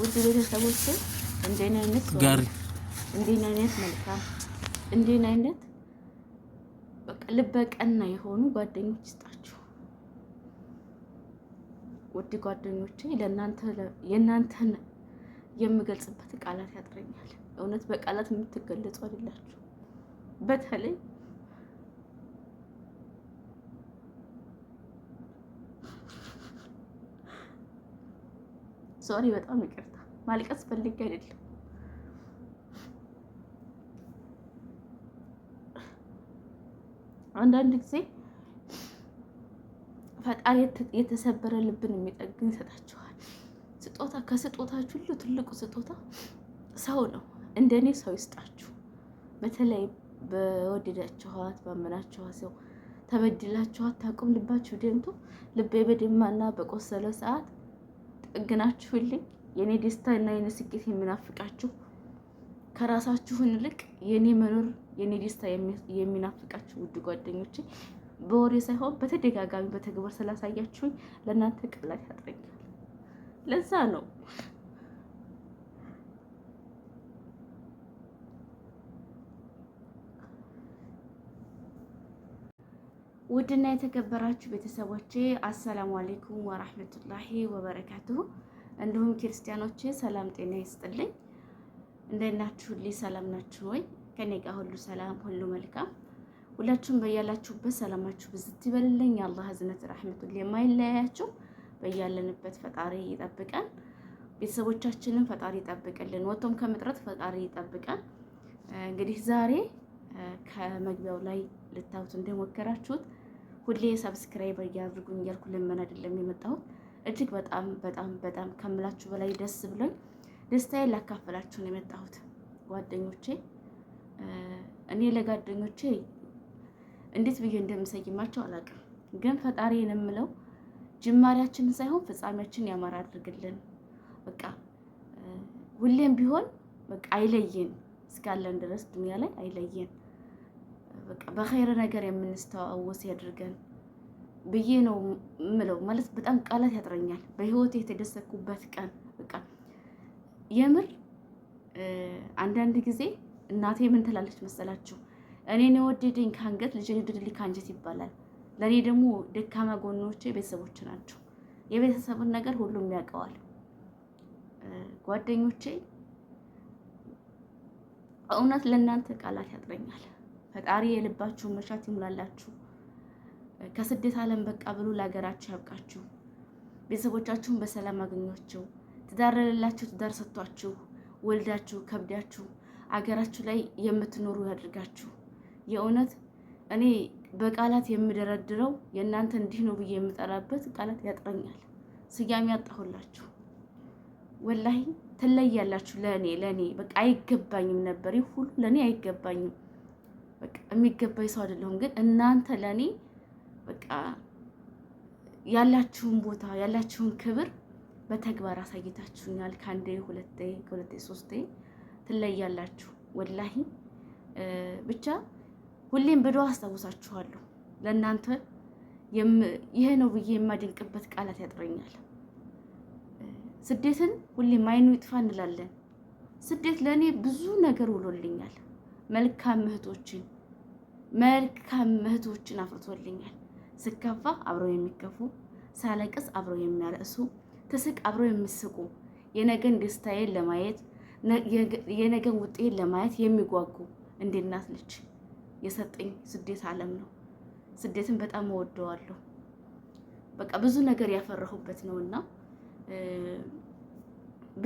ውድ ቤተሰቦች እንዴን አይነት ጋር እንዴን አይነት መልካም እንዴን አይነት በቃ ልበቀና የሆኑ ጓደኞች ይስጣችሁ። ውድ ጓደኞቼ ለእናንተ የእናንተን የምገልጽበት ቃላት ያጥረኛል። እውነት በቃላት የምትገለጹ አይደላችሁ በተለይ ሶሪ፣ በጣም ይቅርታ። ማልቀስ ፈልጌ አይደለም። አንዳንድ ጊዜ ፈጣሪ የተሰበረ ልብን የሚጠግን ይሰጣችኋል። ስጦታ ከስጦታችሁ ሁሉ ትልቁ ስጦታ ሰው ነው። እንደኔ ሰው ይስጣችሁ። በተለይ በወደዳችኋት ባመናችኋት ሰው ተበድላችኋት ታቁም ልባችሁ ደምቶ ልቤ በደማና በቆሰለ ሰዓት ጠግናችሁልኝ የእኔ ደስታ እና የኔ ስኬት የሚናፍቃችሁ ከራሳችሁን ይልቅ የኔ መኖር የኔ ደስታ የሚናፍቃችሁ ውድ ጓደኞቼ በወሬ ሳይሆን በተደጋጋሚ በተግባር ስላሳያችሁኝ ለእናንተ ቅላት ያደርጋል። ለዛ ነው ውድና የተከበራችሁ ቤተሰቦቼ አሰላሙ አሌይኩም ወራህመቱላሂ ወበረካቱሁ። እንዲሁም ክርስቲያኖቼ ሰላም ጤና ይስጥልኝ። እንደናችሁልኝ ሰላም ናችሁ ወይ? ከኔ ጋር ሁሉ ሰላም፣ ሁሉ መልካም። ሁላችሁም በያላችሁበት ሰላማችሁ ብዝት ይበልልኝ። አላህ ህዝነት ራህመቱል የማይለያያችሁ በያለንበት ፈጣሪ ይጠብቀን። ቤተሰቦቻችንን ፈጣሪ ይጠብቅልን። ወጥቶም ከምጥረት ፈጣሪ ይጠብቀን። እንግዲህ ዛሬ ከመግቢያው ላይ ልታዩት እንደሞከራችሁት ሁሌ ሰብስክራይብ እያድርጉኝ እያልኩ ልመን አይደለም የመጣሁት። እጅግ በጣም በጣም በጣም ከምላችሁ በላይ ደስ ብሎኝ ደስታዬን ላካፈላችሁ ነው የመጣሁት። ጓደኞቼ እኔ ለጓደኞቼ እንዴት ብዬ እንደምሰይማቸው አላውቅም፣ ግን ፈጣሪ የምለው ጅማሪያችንን ሳይሆን ፍጻሜያችንን ያማረ አድርግልን። በቃ ሁሌም ቢሆን በቃ አይለየን፣ እስካለን ድረስ ዱኒያ ላይ አይለየን። በቃ በኸይር ነገር የምንስተዋወስ ያድርገን ብዬ ነው ምለው። ማለት በጣም ቃላት ያጥረኛል። በህይወት የተደሰኩበት ቀን በቃ የምር አንዳንድ ጊዜ እናቴ ምን ትላለች መሰላችሁ? እኔን የወደደኝ ከአንገት ልጅ የወደደልኝ ከአንጀት ይባላል። ለእኔ ደግሞ ደካማ ጎኖቼ ቤተሰቦች ናቸው። የቤተሰብን ነገር ሁሉም ያውቀዋል። ጓደኞቼ፣ እውነት ለእናንተ ቃላት ያጥረኛል። ፈጣሪ የልባችሁን መሻት ይሙላላችሁ። ከስደት ዓለም በቃ ብሎ ለሀገራችሁ ያብቃችሁ። ቤተሰቦቻችሁን በሰላም አገኟቸው። ትዳር ለሌላችሁ ትዳር ሰጥቷችሁ ወልዳችሁ ከብዳችሁ አገራችሁ ላይ የምትኖሩ ያድርጋችሁ። የእውነት እኔ በቃላት የምደረድረው የእናንተ እንዲህ ነው ብዬ የምጠራበት ቃላት ያጥረኛል። ስያሜ ያጣሁላችሁ። ወላሂ ትለያላችሁ። ለእኔ ለእኔ በቃ አይገባኝም ነበር ይህ ሁሉ ለእኔ አይገባኝም። በቃ የሚገባኝ ሰው አይደለሁም። ግን እናንተ ለእኔ በቃ ያላችሁን ቦታ ያላችሁን ክብር በተግባር አሳይታችሁኛል። ከአንዴ ሁለቴ ከሁለቴ ሶስቴ ትለያላችሁ። ወላሂ ብቻ ሁሌም በደዋ አስታውሳችኋለሁ። ለእናንተ ይሄ ነው ብዬ የማደንቅበት ቃላት ያጥረኛል። ስደትን ሁሌም አይኑ ይጥፋ እንላለን። ስደት ለእኔ ብዙ ነገር ውሎልኛል። መልካም እህቶችን መልካም እህቶችን አፍርቶልኛል። ስከፋ አብረው የሚከፉ ሳለቅስ አብረው የሚያለቅሱ ትስቅ አብረው የሚስቁ የነገን ደስታዬን ለማየት የነገን ውጤን ለማየት የሚጓጉ እንደ እናት ልጅ የሰጠኝ ስደት ዓለም ነው። ስደትን በጣም እወደዋለሁ። በቃ ብዙ ነገር ያፈራሁበት ነውና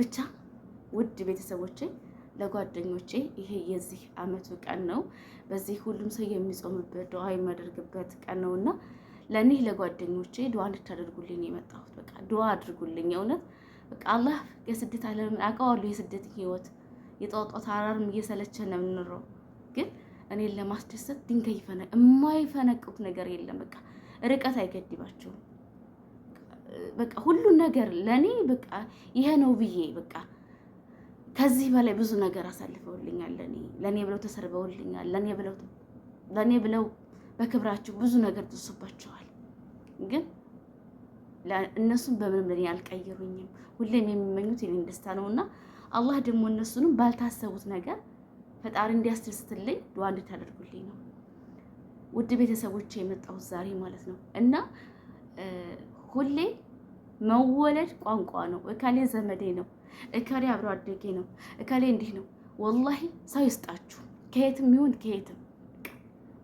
ብቻ ውድ ቤተሰቦቼ ለጓደኞቼ ይሄ የዚህ አመቱ ቀን ነው። በዚህ ሁሉም ሰው የሚጾምበት ድዋ የሚያደርግበት ቀን ነው እና ለእኒህ ለጓደኞቼ ድዋ ልታደርጉልኝ የመጣሁት በቃ ድዋ አድርጉልኝ። እውነት በቃ አላህ የስደት ዓለምን አውቀዋለሁ። የስደት ህይወት የጧጧት አራርም እየሰለቸ ነው የምንኖረው፣ ግን እኔን ለማስደሰት ድንጋይ ይፈነ የማይፈነቅሉት ነገር የለም። በቃ ርቀት አይገድባቸውም። በቃ ሁሉን ነገር ለእኔ በቃ ይሄ ነው ብዬ በቃ ከዚህ በላይ ብዙ ነገር አሳልፈውልኛል። ለኔ ለኔ ብለው ተሰርበውልኛል። ለኔ ብለው ለኔ ብለው በክብራችሁ ብዙ ነገር ደርሶባችኋል። ግን እነሱም በምንም ለኔ አልቀየሩኝም። ሁሌም የሚመኙት የኔን ደስታ እና አላህ ደግሞ እነሱንም ባልታሰቡት ነገር ፈጣሪ እንዲያስደስትልኝ ዱዓ እንድታደርጉልኝ ነው። ውድ ቤተሰቦች የመጣሁት ዛሬ ማለት ነው እና ሁሌ መወለድ ቋንቋ ነው። እካሌ ዘመዴ ነው እከሌ አብሮ አደጌ ነው፣ እከሌ እንዲህ ነው። ወላሂ ሰው ይስጣችሁ። ከየትም ይሁን ከየትም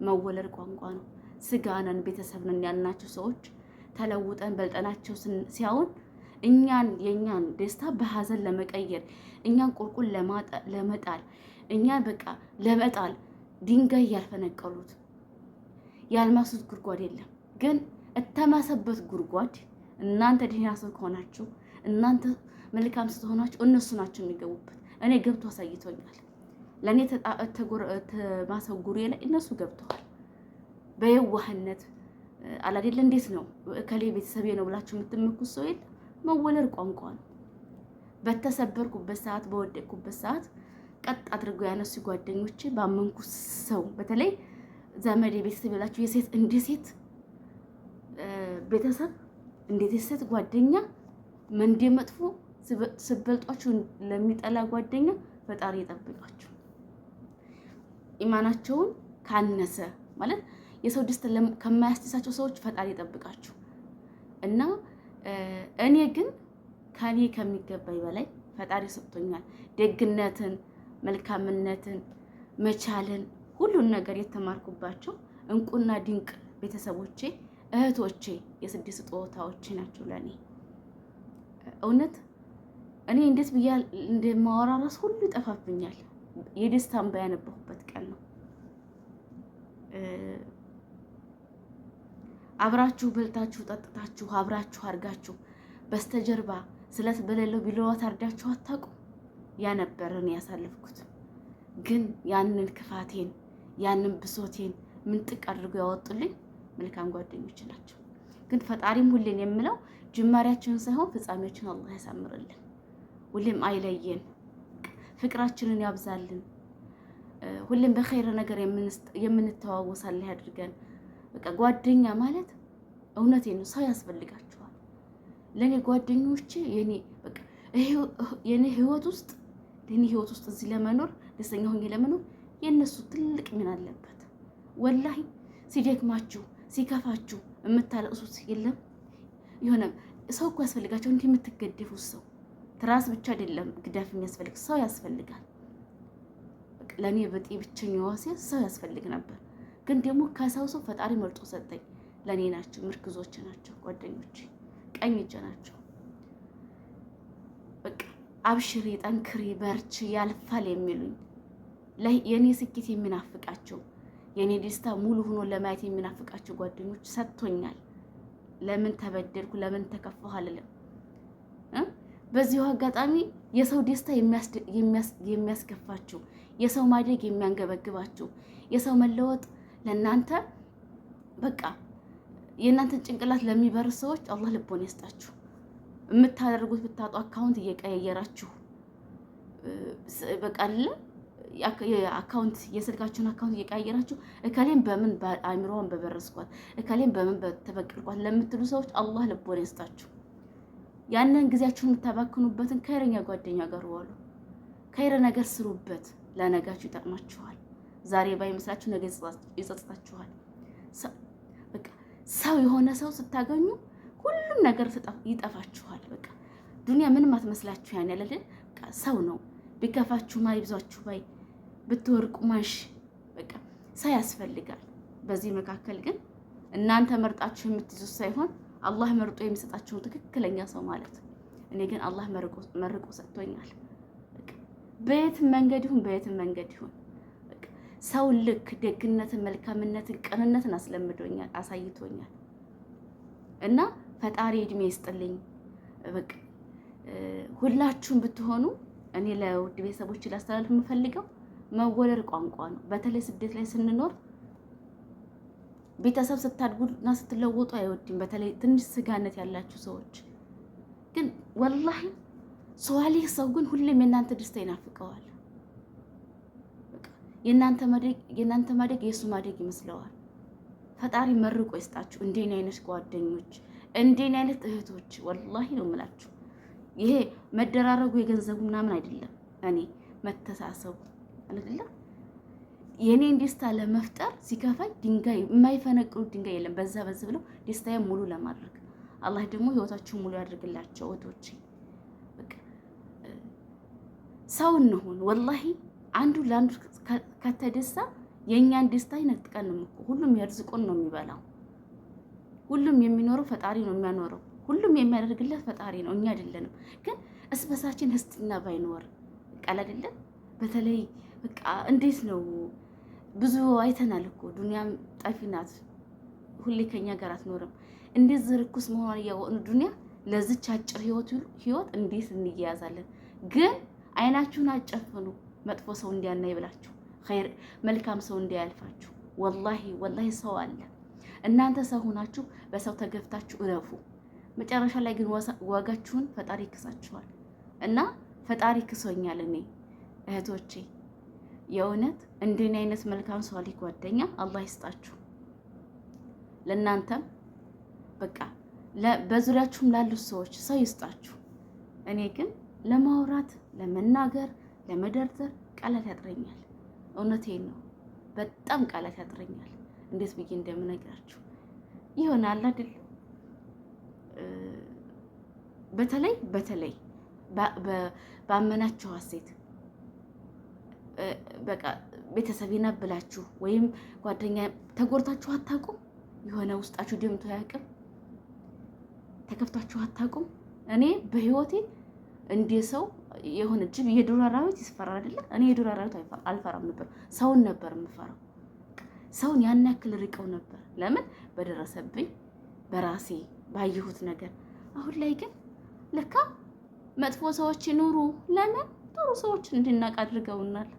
መወለድ ቋንቋ ነው። ስጋ ነን፣ ቤተሰብ ነን ያልናቸው ሰዎች ተለውጠን በልጠናቸው ሲያውን እኛን የእኛን ደስታ በሀዘን ለመቀየር እኛን ቁልቁል ለመጣል እኛን በቃ ለመጣል ድንጋይ ያልፈነቀሉት ያልማሱት ጉድጓድ የለም። ግን እተማሰበት ጉድጓድ እናንተ ድህና ሰው ከሆናችሁ እናንተ መልካም ስትሆናችሁ እነሱ ናቸው የሚገቡበት። እኔ ገብቶ አሳይቶኛል። ለእኔ ማሰጉሬ ላይ እነሱ ገብተዋል። በየዋህነት አላደለ እንዴት ነው ከሌ ቤተሰቤ ነው ብላችሁ የምትመኩት ሰው የለ። መወለድ ቋንቋ ነው። በተሰበርኩበት ሰዓት፣ በወደቅኩበት ሰዓት ቀጥ አድርገው ያነሱ ጓደኞች ባመንኩት ሰው በተለይ ዘመድ የቤተሰብ የላችሁ የሴት እንደ ሴት ቤተሰብ እንዴት የሴት ጓደኛ መንዴ መጥፎ ስበልጧችሁ ለሚጠላ ጓደኛ ፈጣሪ ይጠብቃችሁ። ኢማናቸውን ካነሰ ማለት የሰው ደስት ከማያስደሳቸው ሰዎች ፈጣሪ ይጠብቃችሁ እና እኔ ግን ከኔ ከሚገባኝ በላይ ፈጣሪ ሰጥቶኛል። ደግነትን፣ መልካምነትን፣ መቻልን ሁሉን ነገር የተማርኩባቸው እንቁና ድንቅ ቤተሰቦቼ፣ እህቶቼ የስድስት ጾታዎቼ ናቸው ለእኔ እውነት እኔ እንዴት ብያ እንደማወራ ራስ ሁሉ ይጠፋብኛል። የደስታ እንባ ቀን ነው። አብራችሁ በልታችሁ ጠጥታችሁ አብራችሁ አድርጋችሁ በስተጀርባ ስለት በሌለው ቢለዋት አርዳችሁ አታውቁ። ያ ነበር እኔ ያሳለፍኩት። ግን ያንን ክፋቴን ያንን ብሶቴን ምንጥቅ አድርጎ ያወጡልኝ መልካም ጓደኞች ናቸው። ግን ፈጣሪም ሁሌን የምለው ጅማሪያችን ሳይሆን ፍጻሜያችን አላህ ያሳምርልን። ሁሌም አይለየን፣ ፍቅራችንን ያብዛልን፣ ሁሌም በኸይረ ነገር የምንተዋወሳል ያድርገን። በቃ ጓደኛ ማለት እውነቴ ነው፣ ሰው ያስፈልጋቸዋል። ለእኔ ጓደኞች የኔ ህይወት ውስጥ ለኔ ህይወት ውስጥ እዚህ ለመኖር ደስተኛ ሆኜ ለመኖር የእነሱ ትልቅ ምን አለበት። ወላሂ ሲደክማችሁ ሲከፋችሁ የምታለቅሱት የለም። የሆነ ሰው እኮ ያስፈልጋቸው እንዲህ የምትገደፉት ሰው ትራስ ብቻ አይደለም ግዳፍ የሚያስፈልግ ሰው ያስፈልጋል። ለእኔ በጤ ብቸኛ ዋሴ ሰው ያስፈልግ ነበር፣ ግን ደግሞ ከሰው ሰው ፈጣሪ መርጦ ሰጠኝ። ለእኔ ናቸው፣ ምርክዞች ናቸው፣ ጓደኞች፣ ቀኝ እጅ ናቸው። በቃ አብሽሬ፣ ጠንክሪ በርች ያልፋል የሚሉኝ የእኔ ስኬት የሚናፍቃቸው የእኔ ደስታ ሙሉ ሆኖ ለማየት የሚናፍቃቸው ጓደኞች ሰጥቶኛል። ለምን ተበደልኩ፣ ለምን ተከፋሁ አልልም። በዚሁ አጋጣሚ የሰው ደስታ የሚያስከፋችሁ፣ የሰው ማደግ የሚያንገበግባችሁ፣ የሰው መለወጥ ለእናንተ በቃ የእናንተን ጭንቅላት ለሚበርስ ሰዎች አላህ ልቦን ያስጣችሁ። የምታደርጉት ብታጡ አካውንት እየቀያየራችሁ በቃ አካውንት የስልካችሁን አካውንት እየቀያየራችሁ እከሌን በምን አእምሮዋን በበረስኳት እከሌን በምን በተበቅልኳት ለምትሉ ሰዎች አላህ ልቦን ያስጣችሁ። ያንን ጊዜያችሁን የምታባክኑበትን ከይረኛ ጓደኛ ጋር ዋሉ። ከይረ ነገር ስሩበት፣ ለነጋችሁ ይጠቅማችኋል። ዛሬ ባይመስላችሁ ነገ ይጸጽታችኋል። በቃ ሰው የሆነ ሰው ስታገኙ ሁሉም ነገር ይጠፋችኋል። በቃ ዱንያ ምንም አትመስላችሁ። ያን ያለ ሰው ነው። ቢከፋችሁ ማ ይብዛችሁ ባይ ብትወርቁ ማሽ በቃ ሰው ያስፈልጋል። በዚህ መካከል ግን እናንተ መርጣችሁ የምትይዙት ሳይሆን አላህ መርጦ የሚሰጣቸው ትክክለኛ ሰው ማለት። እኔ ግን አላህ መርቆ ሰጥቶኛል። በየትም መንገድ ይሁን በየትም መንገድ ይሁን ሰውን ልክ ደግነትን፣ መልካምነትን፣ ቅንነትን አስለምዶኛል፣ አሳይቶኛል እና ፈጣሪ እድሜ ይስጥልኝ። በቃ ሁላችሁም ብትሆኑ እኔ ለውድ ቤተሰቦች ላስተላልፍ የምፈልገው መወደድ ቋንቋ ነው። በተለይ ስደት ላይ ስንኖር ቤተሰብ ስታድጉና ስትለወጡ አይወድም። በተለይ ትንሽ ስጋነት ያላችሁ ሰዎች ግን ወላሂ ሰዋሊህ ሰው ግን ሁሌም የእናንተ ደስታ ይናፍቀዋል። የእናንተ ማደግ የእሱ ማደግ ይመስለዋል። ፈጣሪ መርቆ ይስጣችሁ እንዴን አይነት ጓደኞች፣ እንዴን አይነት እህቶች። ወላሂ ነው የምላችሁ። ይሄ መደራረጉ የገንዘቡ ምናምን አይደለም። እኔ መተሳሰቡ አይደለም የእኔን ደስታ ለመፍጠር ሲከፋኝ ድንጋይ የማይፈነቅሉት ድንጋይ የለም። በዛ በዛ ብለው ደስታዬ ሙሉ ለማድረግ አላህ ደግሞ ህይወታችሁን ሙሉ ያድርግላቸው። ወቶች ሰው እንሆን ወላሂ አንዱ ለአንዱ ከተደሳ የእኛን ደስታ ይነጥቀንም እኮ ሁሉም የርዝቁን ነው የሚበላው። ሁሉም የሚኖረው ፈጣሪ ነው የሚያኖረው። ሁሉም የሚያደርግለት ፈጣሪ ነው፣ እኛ አይደለንም። ግን እስበሳችን ህስትና ባይኖር ቃል አይደለም በተለይ በቃ እንዴት ነው ብዙ አይተናል እኮ ዱኒያም ጠፊ ናት፣ ሁሌ ከኛ ጋር አትኖርም። እንዴት ዝርኩስ መሆኗን እያወቅን ዱኒያ ለዚች አጭር ህይወት እንዴት እንያያዛለን? ግን አይናችሁን አጨፍኑ፣ መጥፎ ሰው እንዲያናይ ብላችሁ መልካም ሰው እንዲያልፋችሁ። ወላሂ ወላሂ ሰው አለ። እናንተ ሰው ሆናችሁ በሰው ተገፍታችሁ እረፉ። መጨረሻ ላይ ግን ዋጋችሁን ፈጣሪ ይክሳችኋል። እና ፈጣሪ ክሶኛል እኔ እህቶቼ የእውነት እንደኔ አይነት መልካም ሷሊ ጓደኛ አላህ ይስጣችሁ። ለእናንተም በቃ በዙሪያችሁም ላሉት ሰዎች ሰው ይስጣችሁ። እኔ ግን ለማውራት፣ ለመናገር፣ ለመደርደር ቃላት ያጥረኛል። እውነቴን ነው፣ በጣም ቃላት ያጥረኛል። እንዴት ብዬ እንደምነግራችሁ ይሆናል አይደል? በተለይ በተለይ ባመናችኋት ሴት በቃ ቤተሰቤና ብላችሁ ወይም ጓደኛ ተጎድታችሁ አታውቁም? የሆነ ውስጣችሁ ደምቶ አያውቅም? ተከፍታችሁ አታውቁም? እኔ በህይወቴ እንደ ሰው የሆነ ጅብ የዱር አራዊት ይስፈራል አይደለ? እኔ የዱር አራዊት አልፈራም ነበር፣ ሰውን ነበር የምፈራው። ሰውን ያን ያክል ርቀው ነበር። ለምን? በደረሰብኝ በራሴ ባየሁት ነገር። አሁን ላይ ግን ለካ መጥፎ ሰዎች ይኑሩ ለምን ጥሩ ሰዎች እንድናቅ አድርገውናል።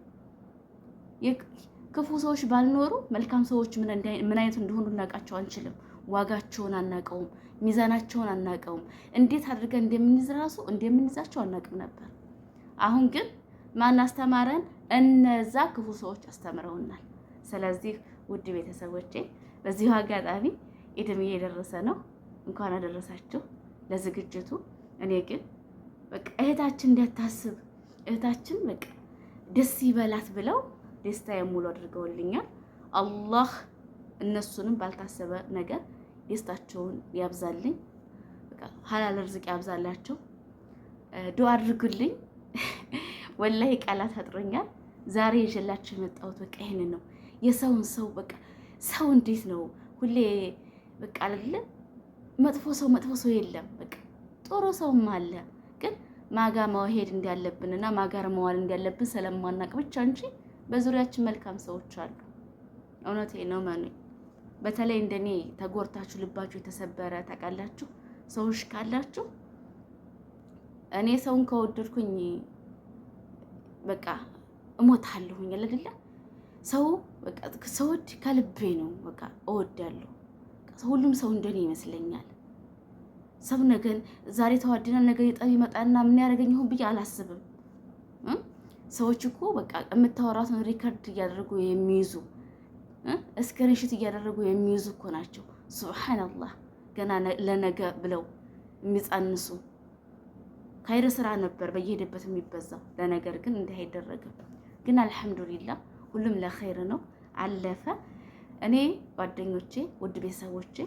ክፉ ሰዎች ባልኖሩ መልካም ሰዎች ምን አይነት እንደሆኑ ልናውቃቸው አንችልም። ዋጋቸውን አናውቀውም፣ ሚዛናቸውን አናውቀውም። እንዴት አድርገን እንደምንይዝ ራሱ እንደምንይዛቸው አናውቅም ነበር። አሁን ግን ማን አስተማረን? እነዛ ክፉ ሰዎች አስተምረውናል። ስለዚህ ውድ ቤተሰቦቼ በዚሁ አጋጣሚ ኢድም የደረሰ ነው፣ እንኳን አደረሳችሁ ለዝግጅቱ። እኔ ግን በቃ እህታችን እንዲያታስብ እህታችን በቃ ደስ ይበላት ብለው ደስታ የሙሉ አድርገውልኛል። አላህ እነሱንም ባልታሰበ ነገር ደስታቸውን ያብዛልኝ፣ ሀላል ርዝቅ ያብዛላቸው። ዱ አድርጉልኝ። ወላሂ ቃላት አጥሮኛል። ዛሬ ይዤላችሁ የመጣሁት በቃ ይህንን ነው። የሰውን ሰው በቃ ሰው እንዴት ነው ሁሌ በቃ አለ መጥፎ ሰው መጥፎ ሰው የለም። በቃ ጥሩ ሰውም አለ ግን ማጋ መሄድ እንዳለብን እና ማጋር መዋል እንዳለብን ስለማናቅ ብቻ እንጂ በዙሪያችን መልካም ሰዎች አሉ። እውነቴ ነው መኑኝ። በተለይ እንደኔ ተጎርታችሁ ልባችሁ የተሰበረ ታውቃላችሁ ሰዎች ካላችሁ እኔ ሰውን ከወደድኩኝ በቃ እሞታለሁኝ አለ አይደለ? ሰው በቃ ሰውድ ከልቤ ነው በቃ እወዳለሁ። ሁሉም ሰው እንደኔ ይመስለኛል። ሰው ነገን ዛሬ ተዋድና ነገ የጠብ ይመጣና ምን ያደርገኝ ይሆን ብዬ አላስብም። ሰዎች እኮ በቃ የምታወራትን ሪከርድ እያደረጉ የሚይዙ እስክሪንሽት እያደረጉ የሚይዙ እኮ ናቸው። ሱብሓነላህ ገና ለነገ ብለው የሚጸንሱ ካይረ ስራ ነበር በየሄደበት የሚበዛው። ለነገር ግን እንዲህ አይደረግም። ግን አልሐምዱሊላህ ሁሉም ለኸይር ነው፣ አለፈ። እኔ ጓደኞቼ፣ ውድ ቤተሰቦቼ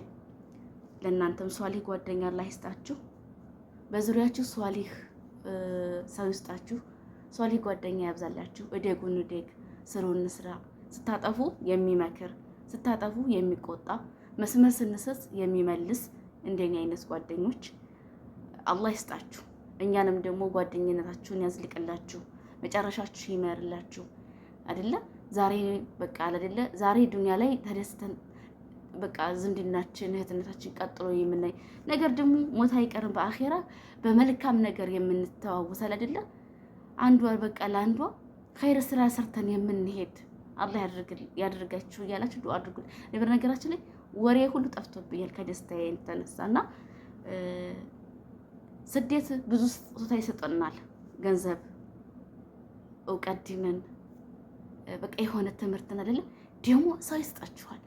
ለእናንተም ሷሊህ ጓደኛ አላህ ይስጣችሁ፣ በዙሪያችሁ ሷሊህ ሰው ይስጣችሁ። ሶሊ ጓደኛ ያብዛላችሁ። እደጉን እደግ፣ ስሩን ስራ። ስታጠፉ የሚመክር ስታጠፉ የሚቆጣ መስመር ስንስት የሚመልስ እንደኛ አይነት ጓደኞች አላህ ይስጣችሁ። እኛንም ደግሞ ጓደኝነታችሁን ያዝልቅላችሁ፣ መጨረሻችሁ ይመርላችሁ። አደለ ዛሬ በቃ አላደለ ዛሬ ዱንያ ላይ ተደስተን በቃ ዝምድናችን እህትነታችን ቀጥሎ የምናይ ነገር ደግሞ ሞት አይቀርም። በአኼራ በመልካም ነገር የምንተዋወሳል አደለ አንዷ በቃ ለአንዷ ኸይር ስራ ሰርተን የምንሄድ አላህ ያደርጋችሁ እያላችሁ ዱዓ አድርጉ። በነገራችን ላይ ወሬ ሁሉ ጠፍቶብኛል ከደስታዬ የተነሳ እና ስደት ብዙ ስጦታ ይሰጠናል። ገንዘብ፣ እውቀት፣ ዲንን በቃ የሆነ ትምህርትን አይደለ ደግሞ ሰው ይስጣችኋል።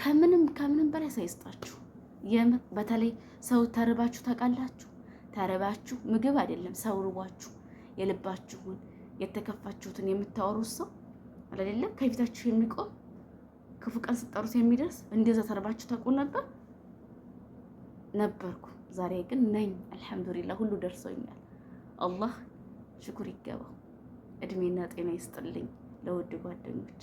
ከምንም ከምንም በላይ ሰው ይስጣችሁ። በተለይ ሰው ተርባችሁ ታውቃላችሁ? ተርባችሁ ምግብ አይደለም ሰው ርቧችሁ የልባችሁን የተከፋችሁትን የምታወሩት ሰው አለሌለም ከፊታችሁ የሚቆም ክፉ ቀን ስጠሩት የሚደርስ እንደዛ ተርባችሁ ተቁ ነበር ነበርኩ። ዛሬ ግን ነኝ። አልሐምዱሊላ ሁሉ ደርሶኛል። አላህ ሽኩር ይገባው። እድሜና ጤና ይስጥልኝ ለውድ ጓደኞች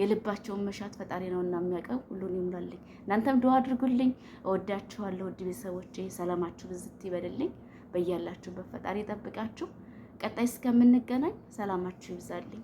የልባቸውን መሻት ፈጣሪ እና የሚያቀው ሁሉን ይሙላልኝ። እናንተም ድዋ አድርጉልኝ። እወዳችኋለሁ። ውድ ቤተሰቦቼ ሰላማችሁ ብዝት ይበልልኝ። በያላችሁበት ፈጣሪ ይጠብቃችሁ። ቀጣይ እስከምንገናኝ ሰላማችሁ ይብዛልኝ።